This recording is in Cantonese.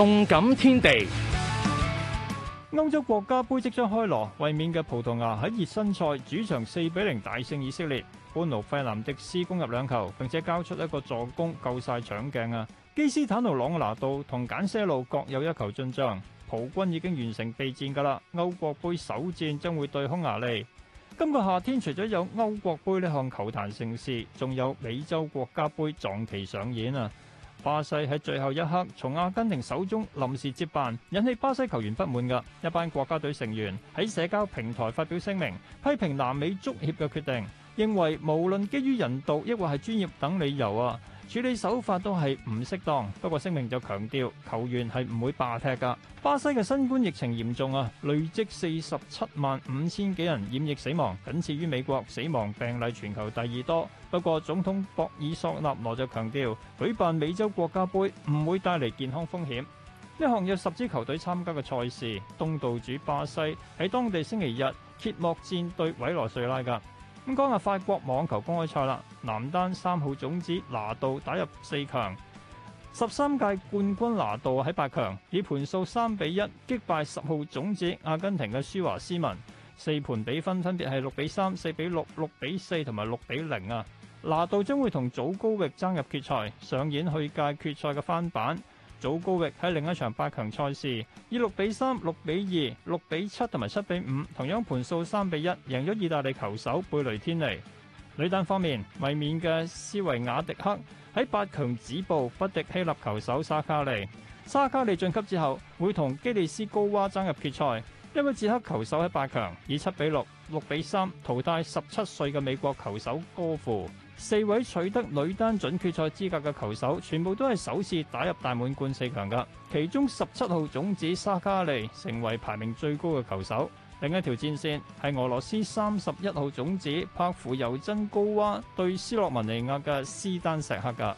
動感天地，歐洲國家盃即將開鑼，衛冕嘅葡萄牙喺熱身賽主場四比零大勝以色列，般奴費南迪斯攻入兩球，並且交出一個助攻，夠晒搶鏡啊！基斯坦奴朗拿度同簡些路各有一球進賬，葡軍已經完成備戰噶啦。歐國盃首戰將會對匈牙利。今個夏天除咗有歐國盃呢項球壇盛事，仲有美洲國家盃撞期上演啊！巴西喺最後一刻從阿根廷手中臨時接辦，引起巴西球員不滿，嘅一班國家隊成員喺社交平台發表聲明，批評南美足協嘅決定，認為無論基於人道抑或係專業等理由啊，處理手法都係唔適當，不過聲明就強調球員係唔會罷踢㗎。巴西嘅新冠疫情嚴重啊，累積四十七萬五千幾人染疫死亡，僅次於美國，死亡病例全球第二多。不過總統博爾索納羅就強調，舉辦美洲國家杯唔會帶嚟健康風險。呢項有十支球隊參加嘅賽事，東道主巴西喺當地星期日揭幕戰對委內瑞拉㗎。講下法國網球公開賽啦，男單三號種子拿度打入四強，十三屆冠軍拿度喺八強，以盤數三比一擊敗十號種子阿根廷嘅舒華斯文，四盤比分分，分別係六比三、四比六、六比四同埋六比零啊！拿度將會同祖高域爭入決賽，上演去屆決賽嘅翻版。祖高域喺另一場八強賽事以六比三、六比二、六比七同埋七比五，同樣盤數三比一，贏咗意大利球手貝雷天尼。女單方面，衛冕嘅斯維亞迪克喺八強止步不敵希臘球手沙卡利。沙卡利晉級之後會同基利斯高娃爭入決賽。因為捷克球手喺八強以七比六、六比三淘汰十七歲嘅美國球手高芙。四位取得女單準決賽資格嘅球手，全部都係首次打入大滿貫四強噶。其中十七號種子沙卡利成為排名最高嘅球手。另一條戰線係俄羅斯三十一號種子帕芙尤真高娃對斯洛文尼亞嘅斯丹石克噶。